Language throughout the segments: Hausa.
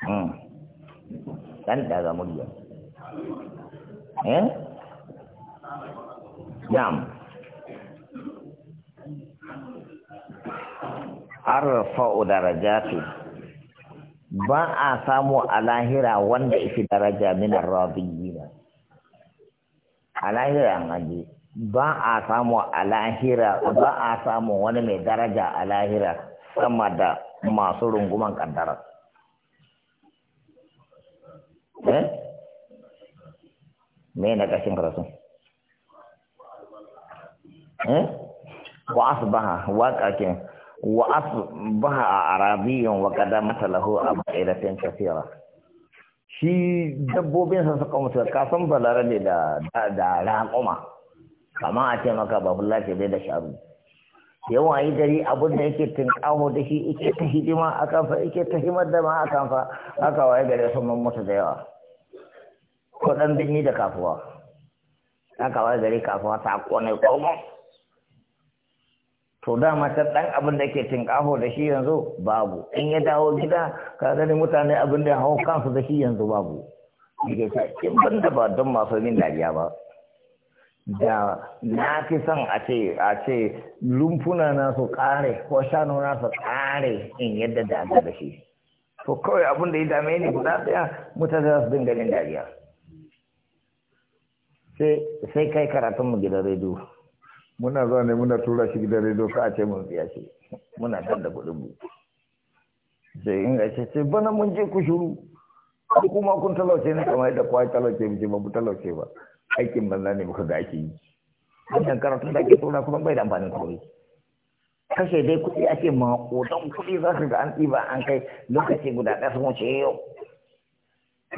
Hmm. kan daga murya eh na'am arfa'u darajati ba a samu alahira wanda ifi daraja min ar-radiyina a an ba a samu ba a samu wani mai daraja alahira sama da masu runguman kaddara eh me na kashin karatu eh wa asbaha wa kakin wa asbaha wa shi dabbobin sa suka mutu ka san balarabe da da raƙuma kama a ce maka Babu ce bai da sharu yawan yi gari abin da yake tunƙaho da shi yake ta hidima a kanfa yake ta himar da ma a kanfa haka waye gare sun mutu da yawa ko ɗan ni da kasuwa za ka gari kasuwa ta kone komon to dama ta ɗan abin da ke tinkaho da shi yanzu babu in ya dawo gida ka gani mutane abin da hau kansu da shi yanzu babu ke ce in ban da ba don masu yin dariya ba da na fi son a ce a ce lumfuna na su ƙare ko shanu na su ƙare in yadda da da shi to kawai abin da ya dame ni guda ɗaya mutane za su dinga yin dariya sai kai karatun mu gidan rediyo muna zuwa ne muna tura shi gidan rediyo ka ce mun biya shi muna tar da kuɗin mu sai in ga ce sai bana mun je ku shuru ko kuma kun talauce ne kamar yadda kwai talauce mu ce ba mu talauce ba aikin banza ne muka ga ake yi wannan karatun da ake tura kuma bai da amfanin komai kashe dai kuɗi ake maƙotan kuɗi za ka ga an ɗiba an kai lokaci guda ɗaya sun wuce yau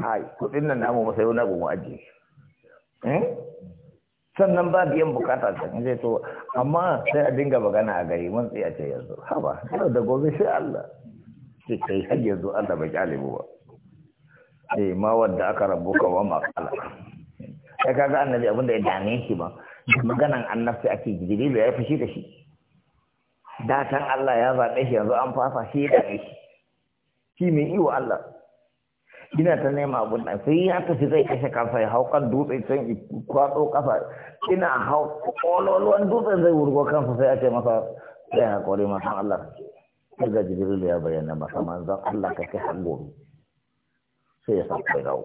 ai kuɗin nan namu masai wani abu ajiye Eh? sannan ba biyan bukata can zai to amma sai a dinga magana a gari mun a ce yanzu haba yau da gobe sai Allah sai kai har yanzu Allah bai kyalibu ba eh ma wanda aka rabu ka wa makala sai kaga annabi abin da ya dame shi ba maganan annabi ake da ya shi da shi datan Allah ya zaɓe shi yanzu an fafa shi da shi shi mai iwa Allah ina ta nema abun nan sai ya tafi zai kashe kansa ya hau kan dutse can kwatso kafa ina hau kololuwan dutsen zai wurgo kansa sai a ce masa sai hakuri masa Allah daga jibril ya bayyana masa manzon Allah ka kai hango sai ya sauka ya dawo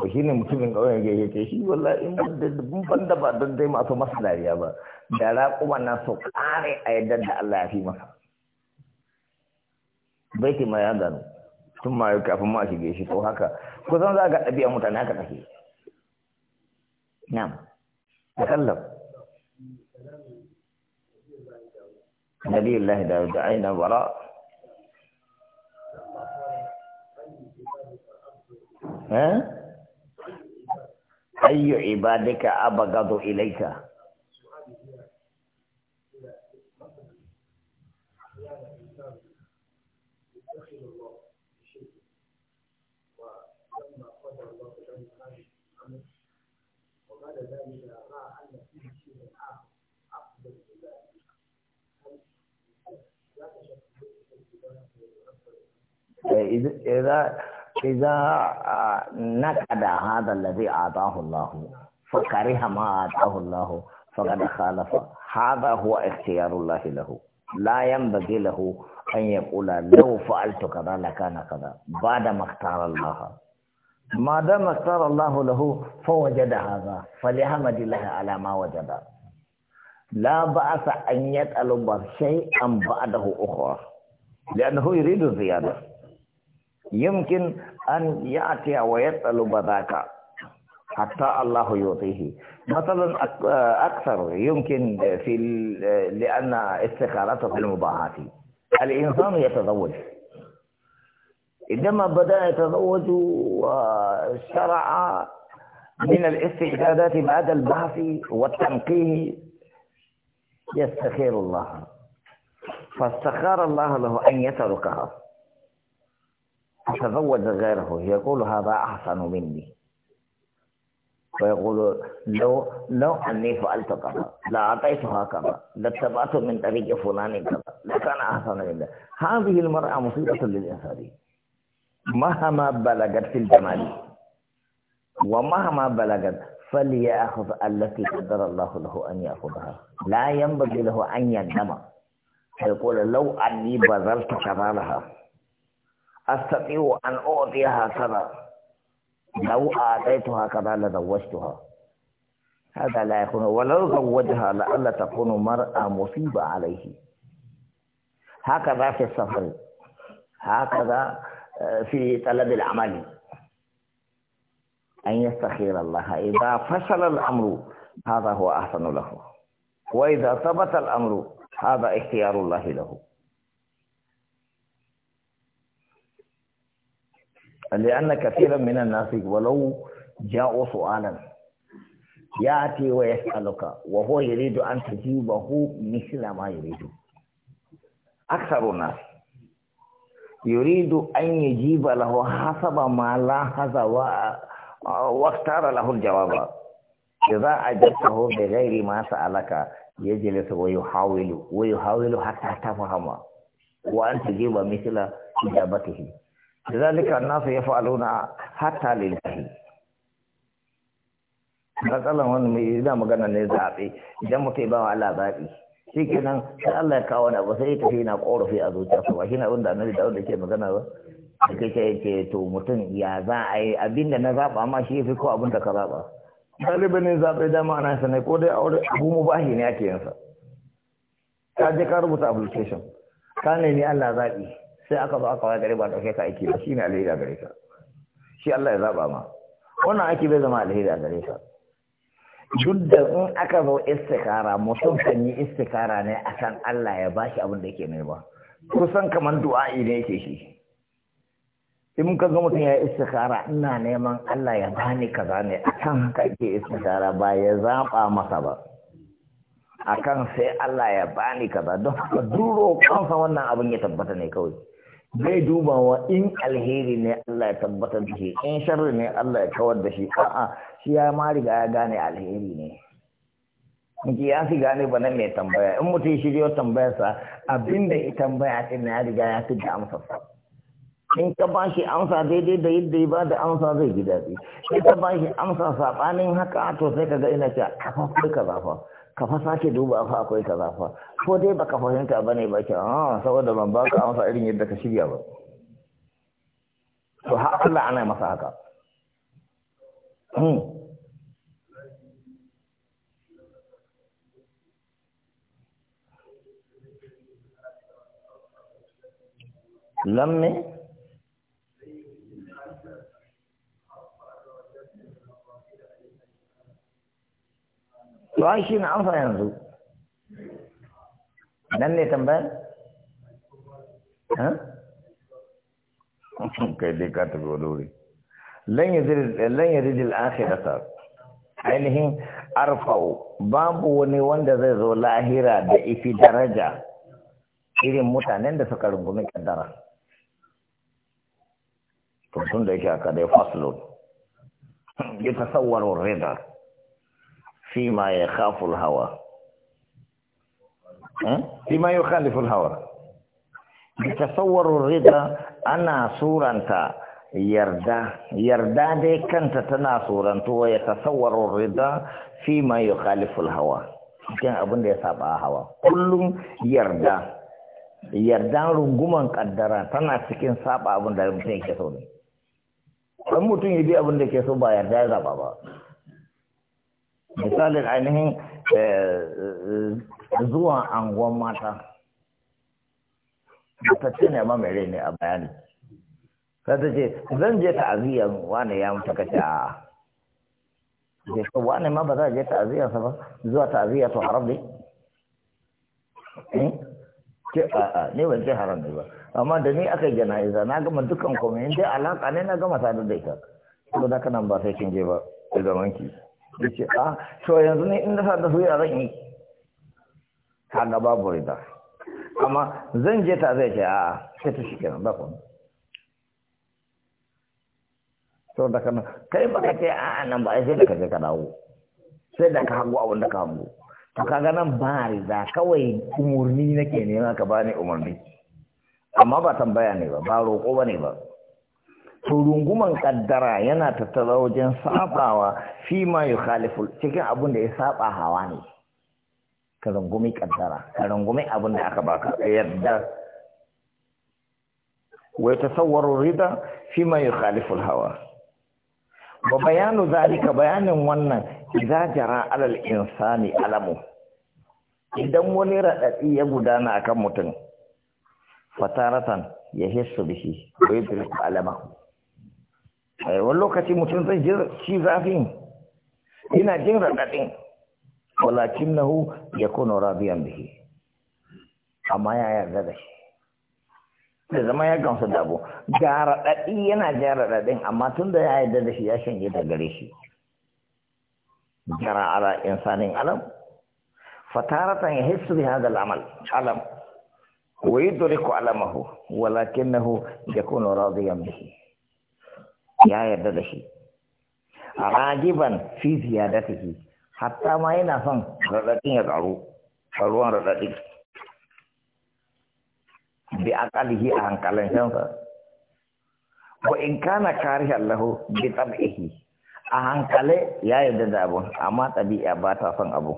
to shine mutumin ƙauyen ya ce shi wallahi in ban da ba don dai masu masa dariya ba da raƙuma na so ƙare a yadda da Allah ya fi masa baiti ma ya gano tun ma kafin ma shige shi ko haka ko san za ga ɗabi'a mutane haka take na'am takallab nabi Allah da da aina bara eh ayyu ibadika abagadu ilayka إذا إذا آه، نكد هذا الذي أعطاه الله فكره ما أعطاه الله فقد خالف هذا هو اختيار الله له لا ينبغي له أن يقول لو فعلت كذا لكان كذا بعد ما اختار الله ما دام اختار الله له فوجد هذا فليحمد الله على ما وجد لا بأس أن يطلب شيئا بعده أخرى لأنه يريد الزيادة يمكن أن يأتي ويسأل بذاك حتى الله يعطيه مثلا أكثر يمكن في لأن استخارته في المباحات الإنسان يتزوج عندما بدأ يتزوج وشرع من الاستعدادات بعد البحث والتنقيه يستخير الله فاستخار الله له أن يتركها تتزوج غيره يقول هذا أحسن مني ويقول لو لو أني فعلت كذا لأعطيتها كذا لاتبعت من طريق فلان كذا لكان أحسن مني هذه المرأة مصيبة للإنسان مهما بلغت في الجمال ومهما بلغت فليأخذ التي قدر الله له أن يأخذها لا ينبغي له أن يندم فيقول لو أني بذلت كذا لها أستطيع أن أعطيها كذا لو أعطيتها كذا لزوجتها هذا لا يكون ولو زوجها لألا تكون مرأة مصيبة عليه هكذا في السفر هكذا آه، في طلب العمل أن يستخير الله إذا فشل الأمر هذا هو أحسن له وإذا ثبت الأمر هذا اختيار الله له alle an na kafiran minan nasu walau ja'o su'alan ya ce wa ya saluka wa ho yuridu an tajiba hu misila ma yuridu aksaru nas yuridu an yajiba lahu hasaba ma la hasa wa wa tara lahu jawaba za a idza ajabtahu bi ghairi ma sa'alaka yajlisu wa yuhawilu wa yuhawilu hatta tafahama wa an ji ba misila tajiba misla ijabatihi لذلك الناس يفعلون حتى لله matsalan wani mai zama magana ne zaɓe idan mutum ba wa Allah zaɓe. shi nan, sai Allah ya kawo wani abu sai ya tafi yana ƙorafi a zuciya su ba shi na wanda da annabi da ke magana ba da ce yake to mutum ya za a yi abin da na zaɓa Amma shi fi ko abin da ka zaɓa ɗalibi ne zaɓe dama ana sanai ko dai aure abu mu bahi ne ake yansa ka je ka rubuta application ka ne ni Allah zaɓi sai aka zo aka gare ba dauke ka aiki ba shine alheri gare ka shi Allah ya zaba ma wannan aiki bai zama alheri gare ka duk da in aka zo istikara mutum kan yi istikara ne akan Allah ya bashi abin da yake nema kusan kamar du'a'i ne yake shi in ka ga mutum ya yi istikara ina neman Allah ya bani kaza ne akan haka yake istikara ba ya zaba masa ba akan sai Allah ya bani kaza don haka duro kansa wannan abin ya tabbata ne kawai bai wa in alheri ne Allah ya tabbatar da shi in sharri ne Allah ya kawar da shi a'a shi ya ma riga ya gane alheri ne Miki ya fi gane bana mai tambaya in mutum shirya tambayarsa abinda ya tambaya na ya riga ya fi da amsa in ka ba shi amsa daidai da yadda ya ba da amsa zai ji daɗi in ka ba shi amsa saɓanin haka to sai ka ga ina ce kafa akwai ka fa kafa sake duba fa akwai ka fa ko dai baka fahimta ba ne ba ke ah saboda ban ba ka amsa irin yadda ka shirya ba to har Allah ana masa haka hmm. lamme to an shi na amsa yanzu nan ne tambayar kai dai ka tafi wa lori lan yadidil akhirata ainihin arfa'u babu wani wanda zai zo lahira da ifi daraja irin mutanen da suka rungumi kaddara to tun da yake aka dai faslon ya tasawwaro radar فيما يخاف الهوى فيما يخالف الهوى يتصور الرضا أنا صورة يرضى يرضى دي كانت تنا صورة ويتصور الرضا فيما يخالف الهوى cikin abin da ya saba hawa kullum yarda yarda runguman kaddara tana cikin saba abin da mutum yake so ne mutum ya bi abin da ke so ba yarda ya zaba ba misalin ainihin eh, eh, zuwa angon mata ta ce ne ma mere ne a bayani ta ta ce zan je aziyan wane ya mutu kace a je ka wane ma ba za a je aziyan sa ba zuwa aziyan to haram ne ce eh? a'a ne ban ce haram ne ba amma da ni aka yi jana'iza na gama dukkan komai in dai alaƙa ne na gama sadar da ita da kanan ba sai kin je ba da zamanki ya a ah, to yanzu ne inda sa da su ya zan yi kaga babu rida amma zan je ta zai ce a ah, ah, sai ta shi kenan bakon so da kana kai baka ce a nan ba sai da ka ka dawo sai da ka hango abin da ka hango to kaga nan ba rida kawai umurni nake nema ka bani umurni amma ba tambaya ne ba ba roƙo ba ne ba to runguman kaddara yana tattara wajen sabawa fi ma khaliful cikin abin da ya saba hawa ne ka rungumi kaddara ka rungumi abin da aka baka yadda ta yatasawwaru rida fi ma khaliful hawa Ba bayanu zalika bayanin wannan idza jara alal insani alamu idan wani radadi ya gudana akan mutum fataratan ya hissu bihi wa yudriku alamahu Eh, wani lokaci mutum zai ci zafin ina jin raɗaɗin walakin hu ya kuna rabiyan bihi amma ya yarda da shi da zama ya gamsu da abu ga raɗaɗi yana jan raɗaɗin amma tun da ya yarda da shi ya shanye da gare shi jara ala insanin alam fataratan ya hissu bi hada al'amal alam wa yudriku alamahu walakinahu yakunu radiyan bihi ya yarda da shi ya fi ziyadatihi hatta ma yana son radadin ya karu ruwan radadin bi aqalihi a hankalin shansa wa in kana kari lahu bi tab'ihi a hankale ya yarda da abu amma tabi'a ba ta son abu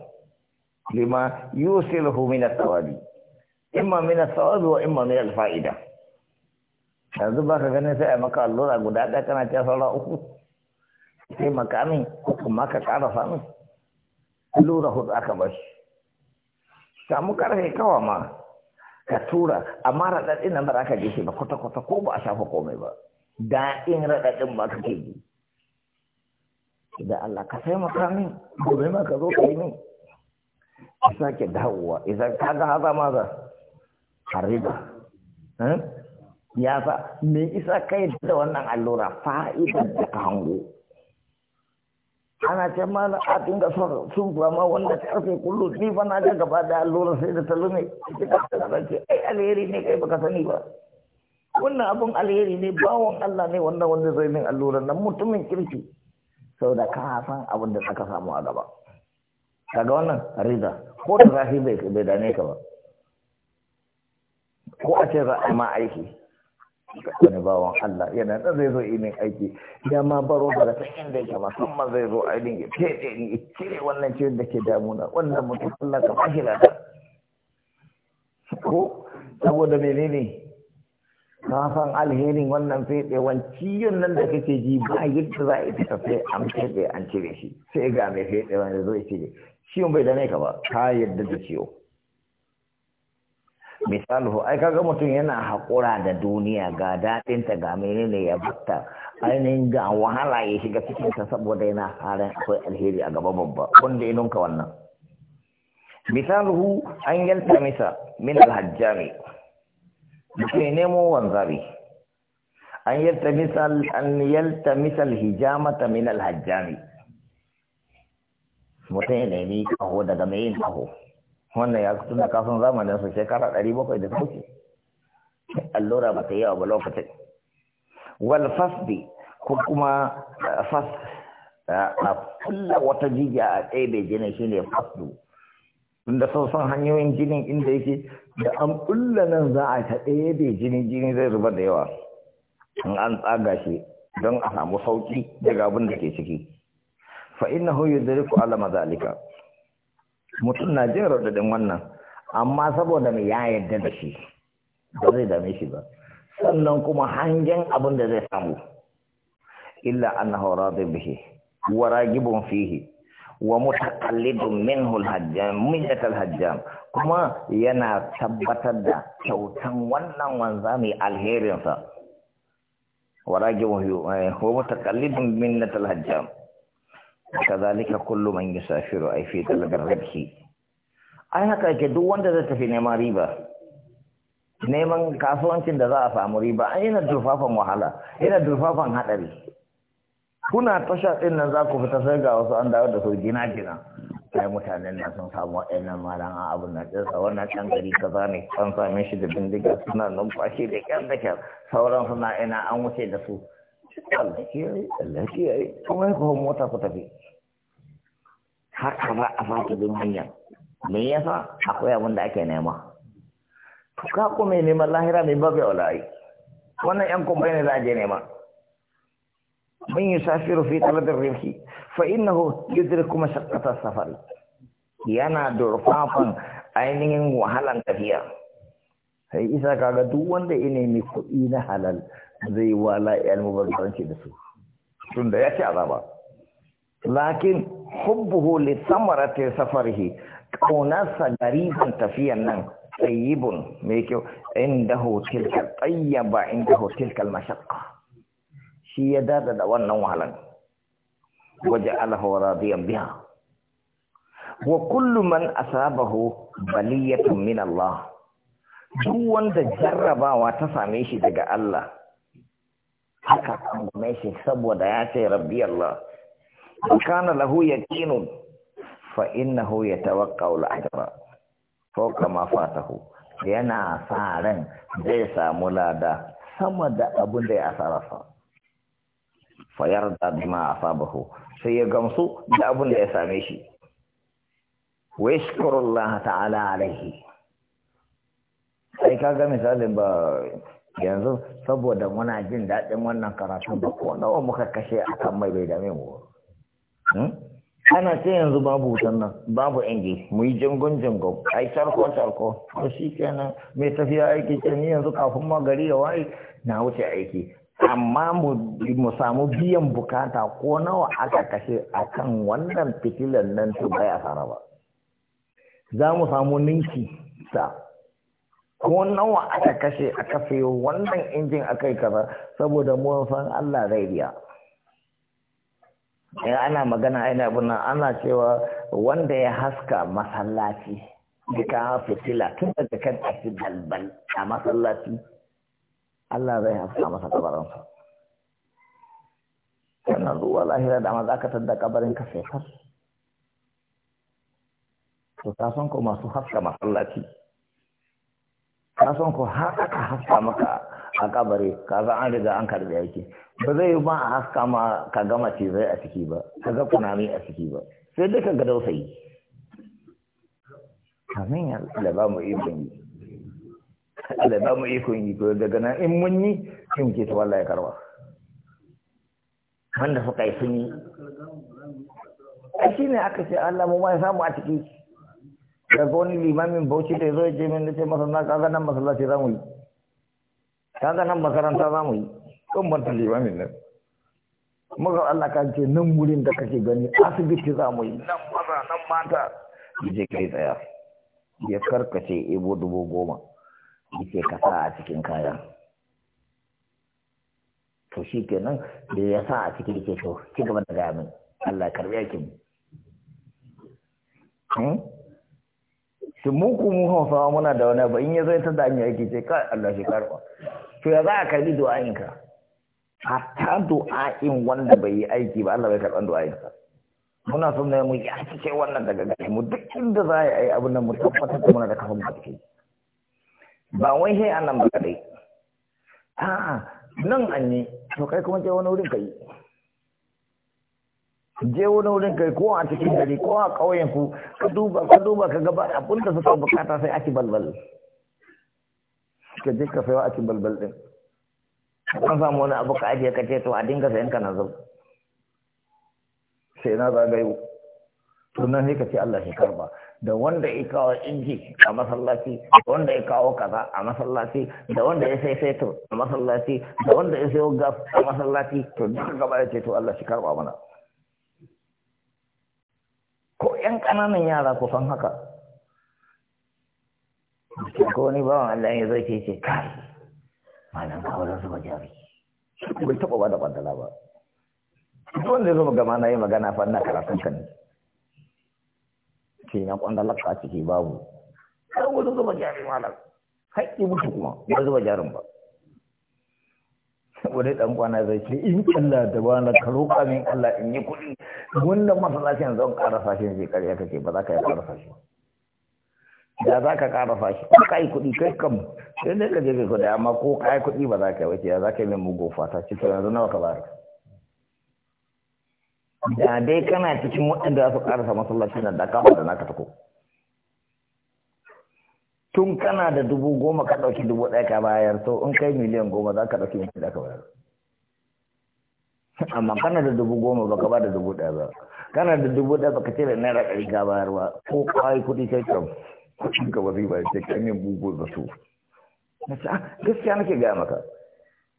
lima yusilhu min at-tawabi imma min at-tawabi wa imma min al-fa'ida yanzu ba ka ganin sai a maka allura guda ɗaya kana ce saura uku sai makamin uku ma ka ƙara samun allura hudu aka bar shi samu karfe kawa ma ka tura amma raɗaɗin nan ba za ka ji shi ba kwata-kwata ko ba a shafa komai ba daɗin raɗaɗin ba ka ke ji da Allah ka sai makamin gobe ma ka zo ka yi min sake dawowa idan ka ga haza ma za a riba hmm? ya fa me isa kai da wannan allura fa'idar da ka hango ana ce ma a dinga son sun ma wanda karfe kullu ni fa na ga gaba da allura sai da talume kika tsara ce ai alheri ne kai baka sani ba wannan abun alheri ne bawon Allah ne wanda wanda zai min allura nan mutumin kirki da ka san abin da saka samu a gaba kaga wannan rida ko da zafi bai dane ka ba ko a ce za a ma aiki wani bawan Allah yana da zai zo inin aiki ya ma baro daga ta inda yake kuma zai zo ainihin ya fete ni cire wannan ciwon da ke damuna wannan mutum Allah ka fahira da ko saboda ne ka san alherin wannan fedewan wanci, nan da kake ji ba yadda za a yi tafe an fede an cire shi sai ga mai fedewan ya zo ya cire ciwon bai ne ka ba ka yadda da ciwo misaluhu ai kaga mutum yana haƙura da duniya ga ta ga menene ya bata ainihin ga wahala ya shiga cikin ta saboda yana halin akwai alheri a gaba babba wanda ya nunka wannan misaluhu an yalta misa min alhajjami mutum ya nemo wanzari an yalta misal an yanta misal hijamata min alhajjami mutum ya nemi kaho daga mai yin kaho wannan ya tuna kasan zamanin su shekara ɗari bakwai da suke allura ba ta yi ba lokacin wal fasdi ko kuma eh, fas eh, a kulla wata jijiya a bai jini shi ne fasdu inda sun san hanyoyin jinin inda yake da an kulla nan za a ta bai jini jini zai zuba da yawa in an tsaga shi don a samu sauki daga abin da ke ciki fa innahu yudriku ala mazalika mutum na jin raɗaɗin wannan amma saboda mai ya yarda da shi ba zai dame shi ba sannan kuma hangen abin da zai samu illa annahu radin bihi wa ragibun fihi wa mutaqallidun minhu al-hajjam hajjam kuma yana tabbatar da kyautan wannan wanza mai alherin sa wa ragibun eh, wa mutaqallidun minnatal hajjam kazalika kullu man yusafiru ay fi talabil ribhi ai haka ke duk wanda zai tafi neman riba neman kasuwancin da za a samu riba ai yana dufafan wahala yana durfafan hadari kuna tasha din nan za ku fita sai ga wasu an dawo da su gina gina sai mutanen nan sun samu waɗannan malan a abin nan din sa wannan can gari kaza ne an same shi da bindiga suna numfashi da kyar da kyar sauran suna ina an wuce da su Allah kiyaye Allah eh. kiyaye kuma mota tafi haka ba a hanya me yasa akwai abinda ake nema to neman lahira mai babu ulai wannan yan kumbai ne nema من يسافر في طلب الربح فإنه يدرك مشقة السفر yana durfafan ainihin wahalan tafiya sai isa kaga duk wanda ya nemi kuɗi na halal zai wala ya almubazzaranci da su tun da ya ci azaba lakin hubbuhu li samarati safarihi kaunarsa gariban tafiyan nan tsayibun mai kyau inda hotel kal tsayyaba inda hotel kal mashakka shi ya dada da wannan wahalan waje alahu radiyan biha wa kullu man asabahu baliyatun min Allah duk wanda jarrabawa ta same shi daga Allah haka mai shi saboda ya ce rabbi Allah kana lahu yaqinun fa innahu yatawaqqa'u al-ajra fawqa ma fatahu yana sa ran zai samu lada sama da abun da ya asarasa fa yarda bima asabahu sai ya gamsu da abun da ya same shi wa yashkuru Allah ta'ala alaihi sai kaga misalin ba yanzu saboda muna jin daɗin wannan karatu ba ko nawa muka kashe akan mai bai dame mu hmm? ana ce yanzu babu wutan nan babu inji mu yi jingon jingon ai tarko tarko to shi kenan mai tafiya aiki ce ni yanzu kafin ma gari ya waye na wuce aiki amma mu samu biyan bukata ko nawa aka kashe akan wannan fitilan nan to baya fara ba za mu samu ninki sa ko nawa aka kashe aka sayo wannan injin aka yi kaza saboda mun Allah zai biya in eh, ana magana aina abin ana cewa wanda ya haska masallaci duka fitila tun daga kan tafi dalbal a masallaci Allah zai haska masa kabaransa kana zuwa lahira da maza ka tadda kabarin ka sai to ka san ko masu haska masallaci son ko har aka haska maka a kabari kaza an riga an karbi aiki ba zai yi ba a haska ma ka gama cizai a ciki ba ka ga kunami a ciki ba sai dai ka ga dausayi kamin ya laba mu ikon yi Laba mu ikon yi ko daga nan in mun yi in ke tawalla ya karwa wanda suka yi sun yi shi ne aka ce Allah mu ma ya samu a ciki daga wani limamin bauchi da ya zo ya ce min na ce masa na kaga nan masallaci za kaga nan makaranta za mu yi limamin nan muka Allah ka ce nan wurin da kake gani asibiti zamui mu yi nan maza nan mata je kai tsaya ya karkace ebo dubu goma yace a cikin kaya hmm? to shi kenan da ya sa a cikin yake to gaba da gaya min Allah karbi mu to mu ku mu hausawa muna da wani ba in ya zai ta da hanyar yake ce kai Allah shi karba to ya za a karbi du'a'in ka hatta du'a'in wanda bai yi aiki ba Allah bai karban du'a'in sa muna son ne mu ya ce wannan daga gare mu duk inda za a yi abin nan mu tabbatar da muna da kafin mu take ba wai sai annan ba kadai a nan an yi to kai kuma je wani wurin ka yi je wani wurin kai ko a cikin gari ko a ƙauyen ku ka duba ka duba ka gaba abin da suka bukata sai aki balbal ka je ka sayo aki balbal din kan samu wani abu ka ajiye ka ce to a dinga sayan ka nazar sai na zagayo to nan sai ka ce Allah shi karba da wanda ya kawo inji a masallaci da wanda ya kawo kaza a masallaci da wanda ya sai fetur a masallaci da wanda ya sayo gas a masallaci to duka gaba ya ce to Allah shi karba mana ƙananan yara ku san haka ko wani Allah ya zai ce kai malam kawalar zuba jari bai taɓa ba da bandala ba duk wanda ya zo gama na yi magana fa ina karatun ka ne ke na kwanda ka ciki babu kar wajen zuba jari malam haƙƙi mutu kuma ba zuba jarin ba wani ɗan kwana zai ce in Allah da ba na karo kamin Allah in yi kuɗi wannan masallacin zan ƙara fashin zai ƙarya kake ba za ka yi ƙara fashin Ya za ka ƙara fashi ko ka yi kuɗi kai kam sai ne ka je kai kuɗi amma ko ka yi kuɗi ba za ka yi wace ya za ka yi mai mugun fata ci yanzu nawa ka bari da dai kana cikin waɗanda za su ƙarasa masallaci nan da ka da naka tako tun kana da dubu goma ka ɗauki dubu ɗaya ka bayar to in kai miliyan goma za ka ɗauki yanki da ka bayar amma kana da dubu goma ba ka ba da dubu ɗaya ba kana da dubu ɗaya ba ka cire naira ɗari ka bayar ba ko kawai kuɗi kai ka kuɗin ka ba zai bayar sai ka min bugu da su ah, gaskiya nake gaya maka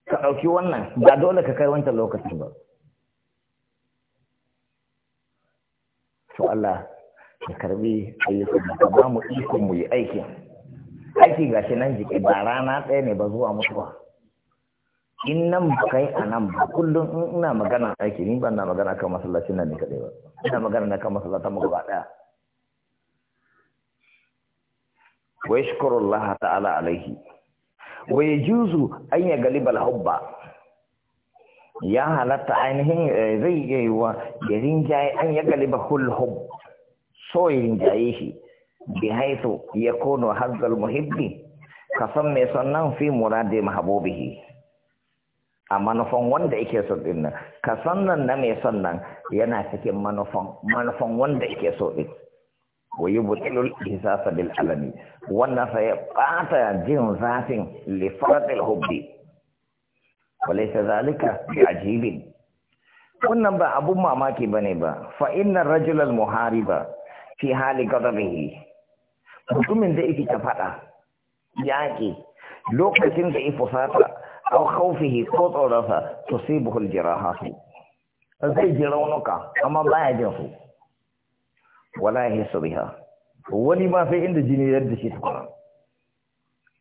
ka ɗauki wannan ba dole ka kai wancan lokacin ba to Allah ya karbi ayyukan ka ba mu ikon mu yi aikin aiki ga shi nan jiki ba rana ɗaya ne ba zuwa mutuwa in nan ba kai a nan ba kullum in ina magana aiki ni ba na magana kan masallacin nan ne kaɗai ba ina magana na kan masallacin mu gaba ɗaya Wai shukuru Allah ta'ala alaihi Wai juzu an ya galibal hubba ya halatta ainihin eh, zai iya yiwa ya rinjaye an ya galiba hul hub so ya rinjaye shi بحيث يكون حظ muhibbi كسمي سنن في مراد محبوبه a manufan wanda yake so din nan ka nan na mai sannan yana cikin manufan manufan wanda yake so din wa yubtilu al-ihsasa bil alami wannan sai bata jin zafin li faradil hubbi walaysa zalika bi ajibin wannan ba abun mamaki bane ba fa inna ar-rajula al-muhariba fi hali ghadabihi mutumin da yake ta fada yaƙi lokacin da ya fusata aw khawfihi ko tsoronsa tusibuhu aljiraha zai ji raunuka amma baya jin su wala yahisu biha wani ma sai inda jini yadda shi tukuna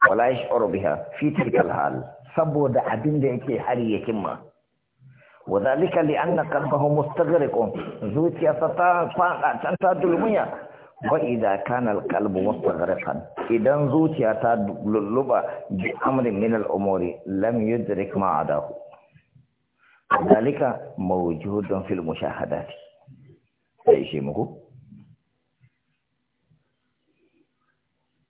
wala yash'uru biha fi tilka hal saboda abin da yake hari ya kimma وذلك لأن قلبه مستغرق زوجي ستا فاقا تنتا دلمية wa idza kana al-qalbu mustaghrifan idan zuciya ta lulluba bi amrin min al-umuri lam yudrik ma adahu dalika mawjudun fil mushahadati sai shi muku